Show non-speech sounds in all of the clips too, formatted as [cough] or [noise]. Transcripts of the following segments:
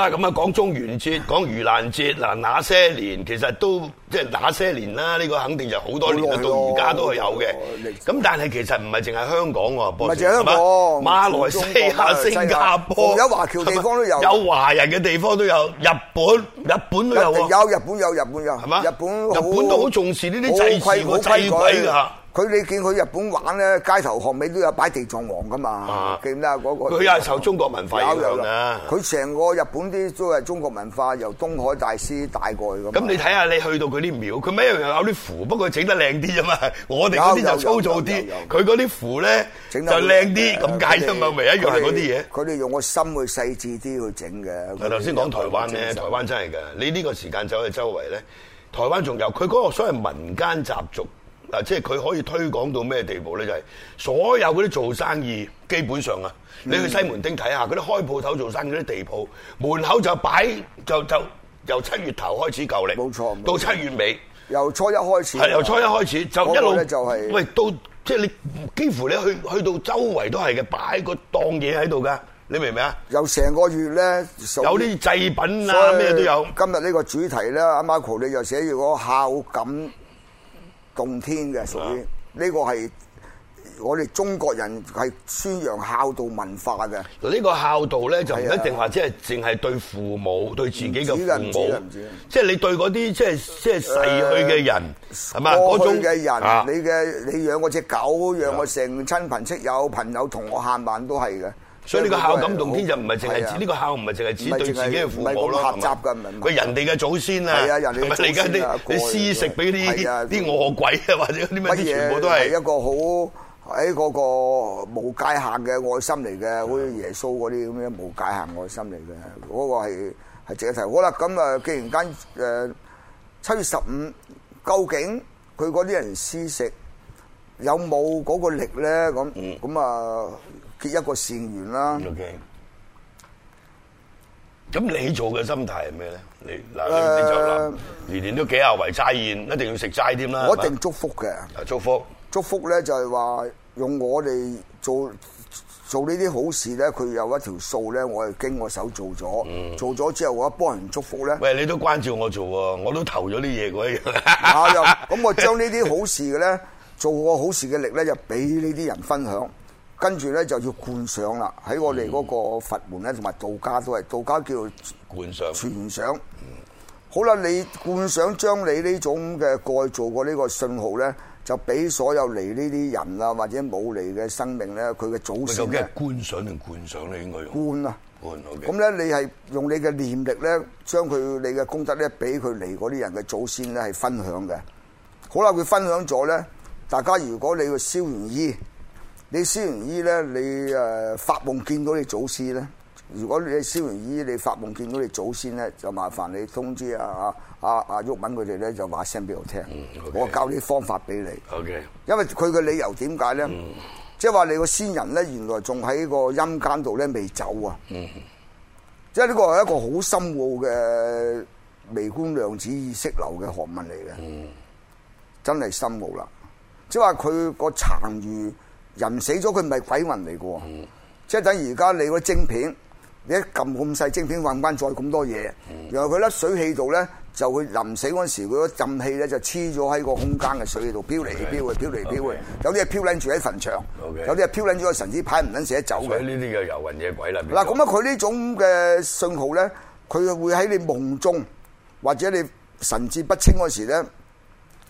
啦咁啊，講中元節，講盂蘭節，嗱那些年，其實都即係那些年啦。呢個肯定就好多年啊，到而家都係有嘅。咁但係其實唔係淨係香港喎，唔係淨香港，香港係咪馬來西亞，西，西亞、新加坡，有華僑地，地方都有，係咪有華人嘅地方都有。日本，日本都有，一定有日本有日本有，係嘛？日本日本都好重視呢啲祭事規矩。佢你見佢日本玩咧，街頭巷尾都有擺地藏王㗎嘛？啊、記唔記得嗰個佢又係受中國文化影響啦、啊。佢成個日本啲都係中國文化，由東海大師帶過去咁。你睇下你去到佢啲廟，佢咪一樣有啲符，不過整得靚啲啫嘛。我哋嗰啲就粗糙啲。佢嗰啲符咧整得靚啲，咁解啫嘛。唯一 école academy 一樣係嗰啲嘢。佢哋用個心去細緻啲去整嘅。頭先講台灣咧，台灣真係㗎。你呢個時間走去周圍咧，台灣仲有佢嗰個所謂民間習俗。嗱，即係佢可以推廣到咩地步咧？就係、是、所有嗰啲做生意，基本上啊，你去西門町睇下，嗰啲開鋪頭做生意嗰啲地鋪，門口就擺就就，就由七月頭開始舊曆，冇錯，到七月尾，由初一開始，係由初一開始就一路就係、是，喂，到即係你幾乎你去去到周圍都係嘅，擺個檔嘢喺度噶，你明唔明啊？有成個月咧，有啲祭品啊，咩都有。今日呢個主題咧，阿 Marco 你又寫住個孝感。動天嘅，所以呢個係我哋中國人係宣揚孝道文化嘅。呢個孝道咧就唔一定話即係淨係對父母的對自己嘅父母，即係你對嗰啲即係即係逝去嘅人，係嘛、呃？吧過去嘅人，的你嘅你養隻狗，養我成親朋戚友，的朋友同我喊萬都係嘅。所以呢個孝感動天就唔係淨係指呢個孝唔係淨係指對自己嘅父母咯，佢人哋嘅祖先啊，係咪你而家啲你施食俾啲啲餓鬼啊，或者啲乜嘢全部都係一個好喺嗰個無界限嘅愛心嚟嘅，好似耶穌嗰啲咁樣無界限愛心嚟嘅，嗰個係係正題。好啦，咁啊，既然間誒七月十五，究竟佢嗰啲人施食有冇嗰個力咧？咁咁啊？結一個善緣啦。O K。咁你做嘅心態係咩咧？你嗱，你就諗年年都幾廿圍齋宴，一定要食齋添啦。我一定祝福嘅。祝福。祝福咧就係話用我哋做做呢啲好事咧，佢有一條數咧，我係經我手做咗，做咗之後我幫人祝福咧。喂，你都關照我做喎，我都投咗啲嘢嗰樣。啊又，咁我將呢啲好事嘅咧，做個好事嘅力咧，就俾呢啲人分享。跟住咧就要觀想啦，喺我哋嗰個佛門咧，同埋道家都係道家叫觀想、傳想。嗯，好啦，你觀想將你呢種嘅蓋造過呢個信號咧，就俾所有嚟呢啲人啦，或者冇嚟嘅生命咧，佢嘅祖先嘅觀想定灌想咧，應該用觀啊，灌好嘅。咁咧，你係用你嘅念力咧，將佢你嘅功德咧，俾佢嚟嗰啲人嘅祖先咧，係分享嘅。好啦，佢分享咗咧，大家如果你要燒完衣。你燒完衣咧，你誒發夢見到你祖先咧。如果你燒完衣，你發夢見到你祖先咧，就麻煩你通知啊啊啊啊旭文佢哋咧，就話聲俾我聽。我教啲方法俾你。因為佢嘅理由點解咧？即係話你個先人咧，原來仲喺個陰間度咧未走啊。即係呢個係一個好深奧嘅微觀量子意識流嘅學問嚟嘅。真係深奧啦！即係話佢個殘餘。人死咗佢唔係鬼魂嚟噶？即係等而家你個晶片，你一撳咁細晶片，運翻咗咁多嘢。然後佢粒水氣度咧，就會臨死嗰時，佢嗰浸氣咧就黐咗喺個空間嘅水氣度飄嚟飄去，飄嚟飄去。有啲係飄撚住喺墳場，有啲係飄撚住個神子牌唔撚捨得走嘅。呢啲叫遊魂野鬼啦。嗱，咁樣，佢呢種嘅信號咧，佢會喺你夢中或者你神志不清嗰時咧，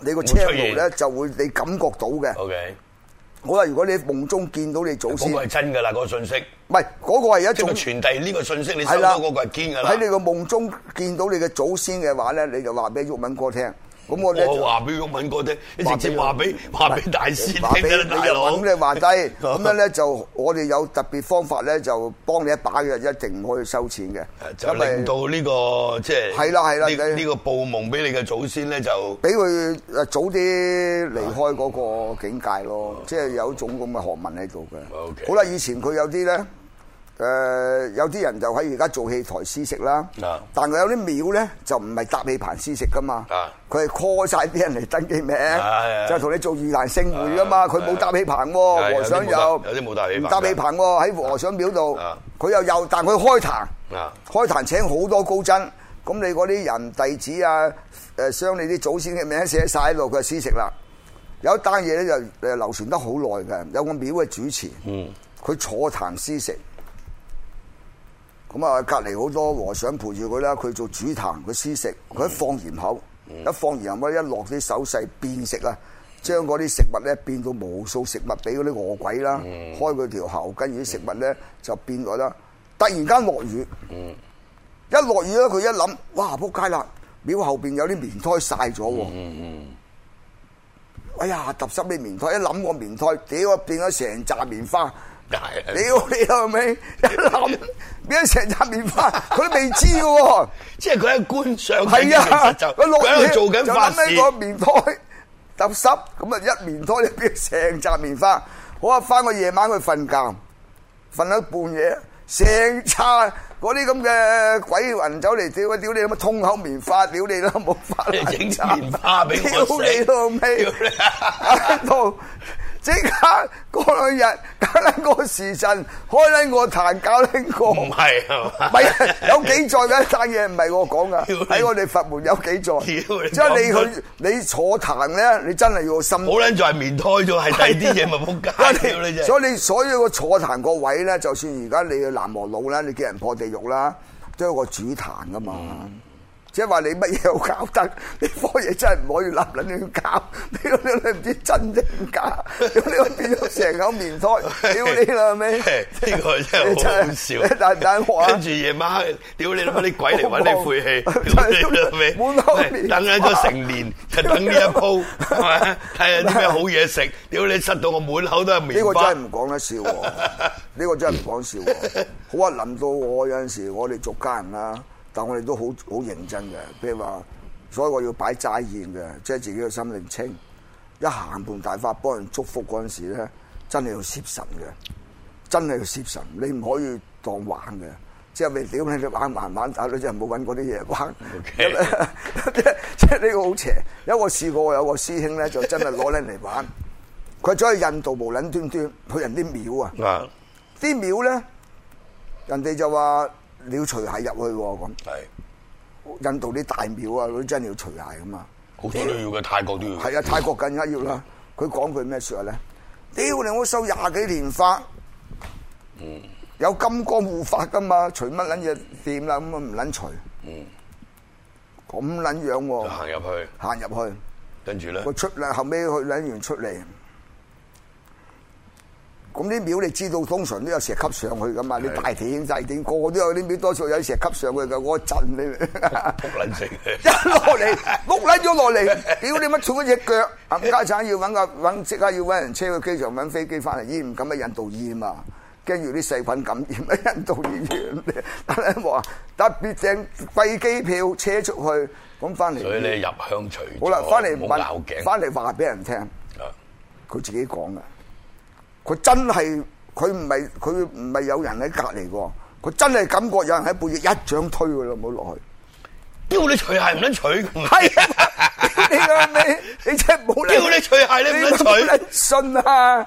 你個車路咧就會你感覺到嘅。好啦，如果你夢中見到你祖先，嗰個係真㗎啦，嗰個信息。唔係，嗰個係一種傳遞呢個信息你個。你睇啦，嗰個係堅㗎啦。喺你個夢中見到你嘅祖先嘅話咧，你就話俾毓民哥聽。咁我哋就話俾毓民哥聽，直接話俾話俾大師聽啦，大佬咁你，你話低，咁咧 [laughs] 就我哋有特別方法咧，就幫你一把嘅，一定唔可以收錢嘅，這個這個。就令到呢個即係係啦係啦，呢呢個報夢俾你嘅祖先咧就俾佢早啲離開嗰個境界咯，即係 [laughs] 有一種咁嘅學問喺度嘅。Okay. 好啦，以前佢有啲咧。誒，有啲人就喺而家做戲台施食啦，的但係有啲廟咧就唔係搭戲棚施食噶嘛，佢係 call 晒啲人嚟登記名，的就同你做盂蘭勝會噶嘛，佢冇的搭戲棚，的和尚有，有啲冇搭戲棚，唔搭戲棚喺和尚廟度，佢又又，但佢開壇，開壇請好多高僧，咁你嗰啲人弟子啊，誒，將你啲祖先嘅名寫晒喺度，佢就施食啦。有一單嘢咧就誒流傳得好耐嘅，有個廟嘅主持，佢坐壇施食。咁啊，隔籬好多和尚陪住佢啦。佢做主壇，佢施食，佢一放鹽口，一放鹽口，咁一落啲手勢變食啦，將嗰啲食物咧變到無數食物俾嗰啲餓鬼啦，開佢條喉，跟住啲食物咧就變咗啦。突然間落雨，一落雨咧，佢一諗，哇，仆街啦！廟後邊有啲棉胎曬咗，哎呀，揼濕啲棉胎，一諗個棉胎，屌變咗成紮棉花。屌你老味！一諗變咗成紮棉花，佢都未知嘅，即係佢係觀賞。係啊，佢落雨就諗起個棉胎揼濕，咁啊一棉胎變咗成紮棉花。好啊，翻個夜晚去瞓覺，瞓到半夜，成紮嗰啲咁嘅鬼魂走嚟，屌你，屌你，阿媽通口棉花，屌你都冇發。你整紮棉花俾我死！屌你老味！阿東。即刻過兩日，隔、那、兩個時辰，開啲我壇，教啲我。唔係，唔有幾在嘅一單嘢，唔係 [laughs] 我講噶，喺你我哋佛門有幾座，你即係你佢你坐壇咧，你真係要心。冇兩座係棉胎咗，買啲嘢咪好街。的所以你所有個坐壇個位咧，就算而家你去喃嘸佬啦，你叫人破地獄啦，都有個主壇噶嘛。嗯。即係話你乜嘢好搞得，呢科嘢真係唔可以立卵亂搞，你你老味唔知真定假，屌 [laughs] 你變咗成口棉胎，屌 [laughs] 你老味，呢個真係好笑我。跟住夜晚，屌你老味，啲鬼嚟揾你晦氣，屌 [laughs] 你老味，滿口等緊咗成年就等呢一鋪，係咪、 [laughs] 啊？睇下啲咩好嘢食，屌 [laughs] 你塞到我滿口都係麵。呢個真係唔講得笑，呢 [laughs] 個真係唔講笑。好啊，諗到我有陣時，我哋族家人啦。但我哋都好好認真嘅，譬如話，所以我要擺齋宴嘅，即係自己個心靈清。一行盤大法幫人祝福嗰陣時咧，真係要攝神嘅，真係要攝神。你唔可以當玩嘅，即係咪屌你哋玩，玩玩玩，你真係唔好揾嗰啲嘢玩。Okay. [laughs] 即係呢個好邪。有我試過，有個師兄咧，就真係攞咧嚟玩。佢走去印度無撚端端，端去人啲廟啊，啲 Yeah. 廟咧，人哋就話。你要除鞋入去喎，咁。係。印度啲大廟啊，佢真係要除鞋噶嘛。好多都要嘅，泰國都要。係啊，泰國更加要啦。佢講句咩說話咧？屌你！我修廿幾年法，嗯，有金剛護法噶嘛，除乜撚嘢掂啦，咁我唔撚除。嗯。咁撚樣喎。行入去。行入去。跟住咧。我出嚟，後尾佢撚完出嚟。咁啲廟你知道，通常都有石級上去噶嘛？是的 你大殿、細殿，個個都有啲廟，廟多數有啲石級上去噶。我震你，一落嚟，攣咗落嚟，屌你乜？坐嗰隻腳，冚家鏟要揾個即刻要揾人車去機場揾飛機翻嚟醫，唔敢乜印度醫嘛？驚住啲細菌感染乜印度醫院。但係話特別正費機票車出去咁翻嚟，所以你入鄉隨。好啦了，翻嚟問，翻嚟話俾人聽，佢自己講噶。佢真係佢唔係佢唔係有人喺隔離喎，佢真係感覺有人喺背脊一掌推佢咯，唔好落去。屌你！除鞋唔準除。係啊！你啊你你真係冇。屌你！除鞋你唔準除。信啊！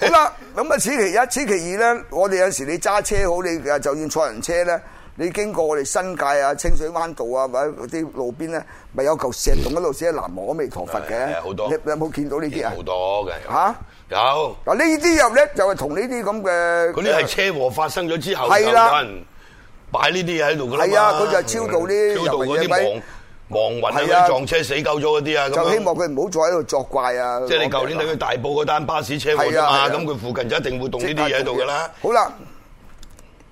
好啦，咁啊，此其一，此其二咧，我哋有時你揸車好，你誒就算坐人車咧，你經過我哋新界啊、清水灣道啊或者啲路邊咧，咪有嚿石棟喺度，寫南無阿彌陀佛嘅。係好多。你有冇見到呢啲啊？好多嘅。嚇？有嗱呢啲入咧就係同呢啲咁嘅，嗰啲係車禍發生咗之後，有人擺呢啲嘢喺度噶啦。係啊，佢就係超度啲超度嗰啲亡亡魂喺度撞車死鳩咗嗰啲啊。就希望佢唔好再喺度作怪啊！即係你舊年等佢大埔嗰單巴士車禍啊嘛，咁佢附近就一定會動呢啲嘢喺度噶啦。好啦，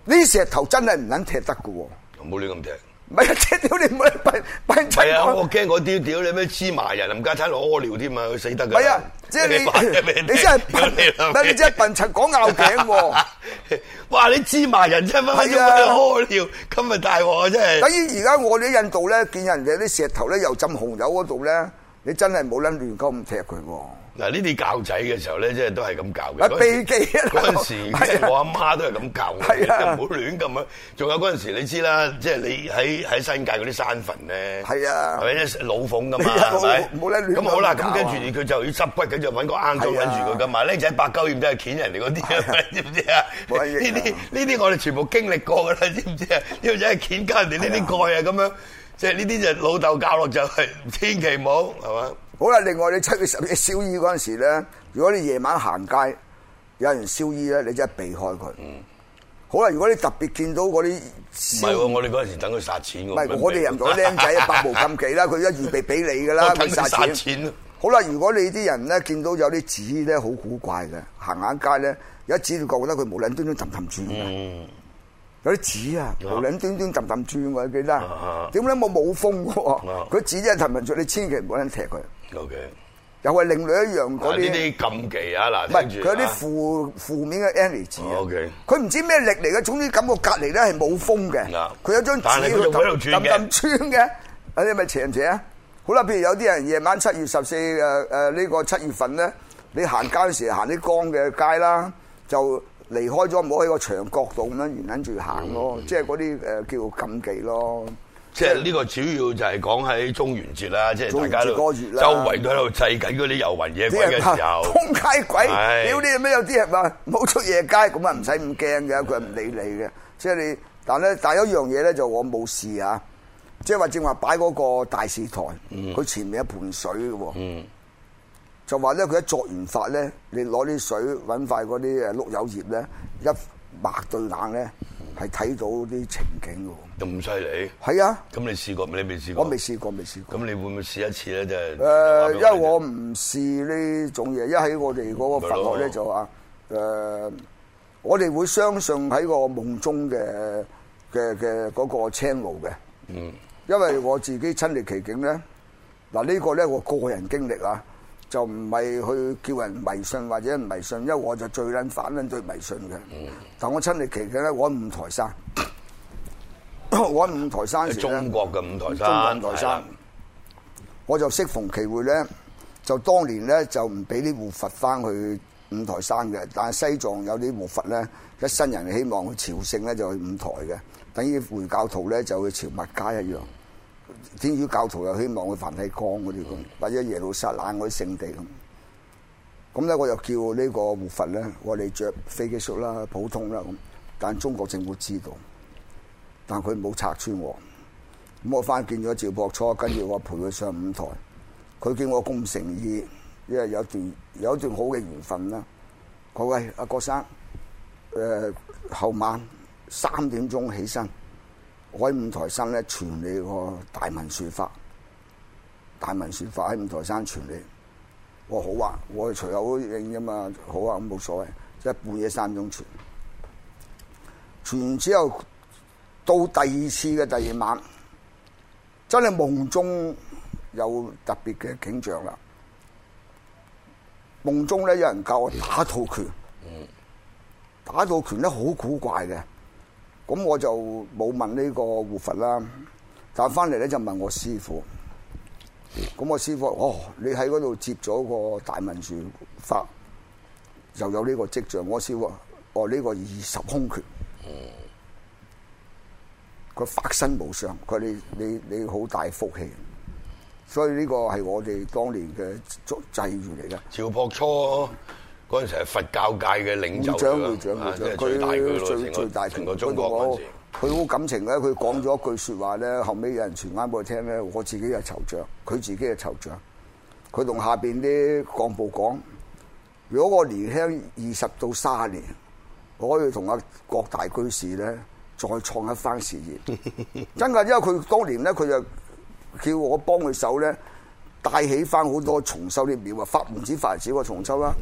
呢啲石頭真係唔肯踢得噶喎，我冇亂咁踢。唔係啊！即屌你唔好笨笨柒！啊，我驚嗰啲屌你咩芝麻人冚家鏟攞屙尿添啊，佢死得噶！唔係啊，即係你你真係笨柒，咩你真係笨柒講拗頸喎！ [laughs] 哇，你芝麻人嘛、啊？係啊，屙尿咁咪大鑊啊！真係。等於而家我哋印度咧，見人哋啲石頭咧，又浸紅油嗰度咧。你真係冇撚亂咁踢佢喎！嗱，呢啲教仔嘅時候咧，即係都係咁教嘅。嗰陣時我阿媽都係咁教嘅，即係冇亂咁樣。仲有嗰陣時你知啦，即係你喺喺新界嗰啲山墳咧。係啊，係咪老鳳㗎嘛？係咪？冇撚亂咁搞。咁好啦，咁跟住佢就要執骨，跟住就揾個硬骨揾住佢㗎嘛。僆仔百鳩遠都係鉗人哋嗰啲啊，知唔知啊？呢啲呢啲我哋全部經歷過㗎啦，知唔知啊？僆仔係鉗交人哋呢啲蓋啊，咁樣。即係呢啲就老豆教落，就係千祈冇，係嘛。好啦，另外你七月十幾燒衣嗰陣時咧，如果你夜晚行街有人燒衣咧，你真係避開佢。嗯。好啦，如果你特別見到嗰啲唔係，我哋嗰陣時等佢殺錢嘅。唔係，我哋人咗僆仔啊，百無禁忌啦。佢一預備俾你噶啦，佢殺錢。好啦，如果你啲人咧見到有啲紙咧好古怪嘅，行下街咧，有一紙就覺得佢無卵端端氹氹轉嘅。有啲紙啊，無論點點氹氹轉，我記得。點解我冇風嘅？佢紙真係氹唔住，你千祈唔好撚踢佢。O K。又係另類一樣嗰啲。呢啲禁忌啊嗱，唔係佢有啲負負面嘅 energy 啊。O K。佢唔知咩力嚟嘅，總之感覺隔離咧係冇風嘅。佢有張紙喺度氹氹轉嘅，你咪邪唔邪？好啦，譬如有啲人夜晚七月十四誒誒呢個七月份咧，你行街時行啲光嘅街啦，就。離開咗，唔好喺個牆角度，咁樣沿跟住行咯，嗯、即係嗰啲誒叫做禁忌咯。即係呢個主要就係講喺中元節啦，即係大家都周圍都喺度制緊嗰啲遊魂野鬼嘅時候，通街鬼，屌你咩？有啲人話冇出夜街，咁啊唔使咁驚嘅，佢唔、嗯、理你嘅。即係你，但咧有一樣嘢咧就我冇事啊。即係話正話擺嗰個大使台，佢、嗯、前面一盆水喎。嗯嗯就話咧，佢一做完法咧，你攞啲水揾塊嗰啲誒碌柚葉咧，一抹對眼咧，係睇到啲情景喎。咁犀利？係啊。咁你試過？你未試過？我未試過，未試過。咁你會唔會試一次咧？即係誒，因為我唔試呢種嘢，因為我哋嗰個佛學咧就話誒，我哋會相信喺個夢中嘅嘅嘅嗰個青龍嘅。嗯。因為我自己親歷其境咧，嗱呢個咧我個人經歷啊。就唔係去叫人迷信或者唔迷信，因為我就最撚反撚對迷信嘅。但我親力其力咧，喺五台山，喺五台山時咧，中國嘅五台山，五台山，我就適逢其會咧，就當年咧就唔俾啲活佛翻去五台山嘅。但係西藏有啲活佛咧，一生人希望去朝聖咧，就去五台嘅，等於回教徒咧就去朝麥加一樣。天主教徒又希望佢梵蒂岡嗰啲咁，或者耶路撒冷嗰啲聖地咁。咁咧，我就叫個活呢個活佛咧，我哋着飛機術啦，普通啦咁。但係中國政府知道，但係佢冇拆穿我。咁我翻見咗趙博初，跟住我陪佢上五台。佢見我咁誠意，因為有段有段好嘅緣分啦。各位阿郭生，誒、呃、後晚三點鐘起身。我喺五台山咧傳你個大文殊法，大文殊法喺五台山傳你，我好啊，我隨口應啫嘛，好啊，咁冇所謂，即係半夜山中傳，傳完之後到第二次嘅第二晚，真係夢中有特別嘅景象啦，夢中咧有人教我打套拳，打套拳咧好古怪嘅。咁我就冇問呢個活佛啦，但係翻嚟咧就問我師傅。咁我師父，哦，你喺嗰度接咗個大文殊法，又有呢個跡象，我師傅話，哦，呢、這個二十空拳，佢法身無上，佢你你你好大福氣。所以呢個係我哋當年嘅祭願嚟嘅。趙樸初。嗰陣時係佛教界嘅領袖嚟㗎，佢最最大成個中國，佢好感情咧。佢講咗一句説話咧，後尾有人傳翻俾我聽咧。我自己係籌長，佢自己係籌長。佢同下邊啲幹部講：如果我年輕二十到卅年，我可以同阿郭大居士咧再創一番事業。真㗎，因為佢當年咧，佢就叫我幫佢手咧，帶起翻好多重修啲廟啊，法門寺、法寺啊，重修啦。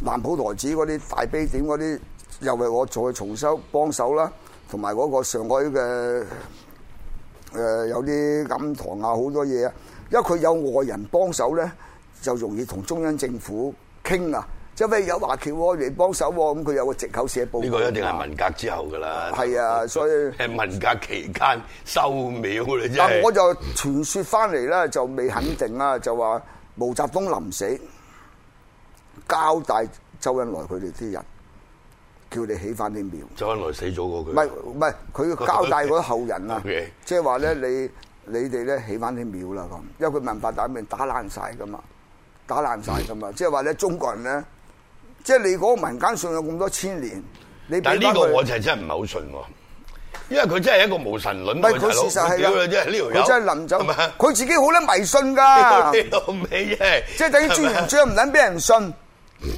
南普陀寺嗰啲大悲殿嗰啲又為我再重修幫手啦，同埋嗰個上海嘅誒、呃、有啲暗堂啊，好多嘢啊，因為佢有外人幫手咧，就容易同中央政府傾啊。即係譬如有華僑嚟幫手，咁佢有個藉口寫報，呢個一定係文革之後噶啦。係啊，所以係以文革期間收廟咧。但我就傳說翻嚟咧，就未肯定啊，就話毛澤東臨死。交代周恩來佢哋啲人，叫你起翻啲廟。周恩來死咗嗰個，唔係唔係，佢交代嗰後人啊，即係話咧你你哋咧起翻啲廟啦咁，因為佢文化大革命打爛晒噶嘛，打爛晒噶嘛，即係話咧中國人咧，即係你嗰個民間信有咁多千年，你但呢個我就真係唔係好信喎，因為佢真係一個無神論。唔係佢事實係點嘅啫？呢條友係臨走，佢嗎自己好捻迷信噶，即係 [laughs] 等於朱元璋唔捻俾人信嗎。 [laughs]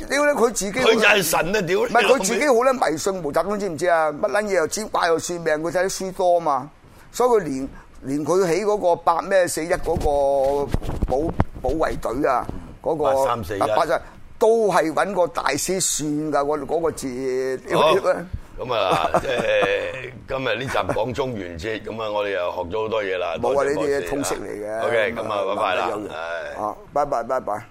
屌咧！佢自己佢就係神啊！屌，唔係佢自己好撚迷信毛澤東知唔知啊？乜撚嘢又占卦又算命，佢睇書多嘛，所以佢連連佢起嗰個八咩四一嗰個保保衛隊啊，嗰個八三四一都係揾個大師算噶，我嗰個字屌貼咧。咁啊，即係今日呢集講中元節，咁啊，我哋又學咗好多嘢啦。冇啊，呢啲嘢通識嚟嘅。OK，咁啊，拜拜啦，係，啊，拜拜，拜拜。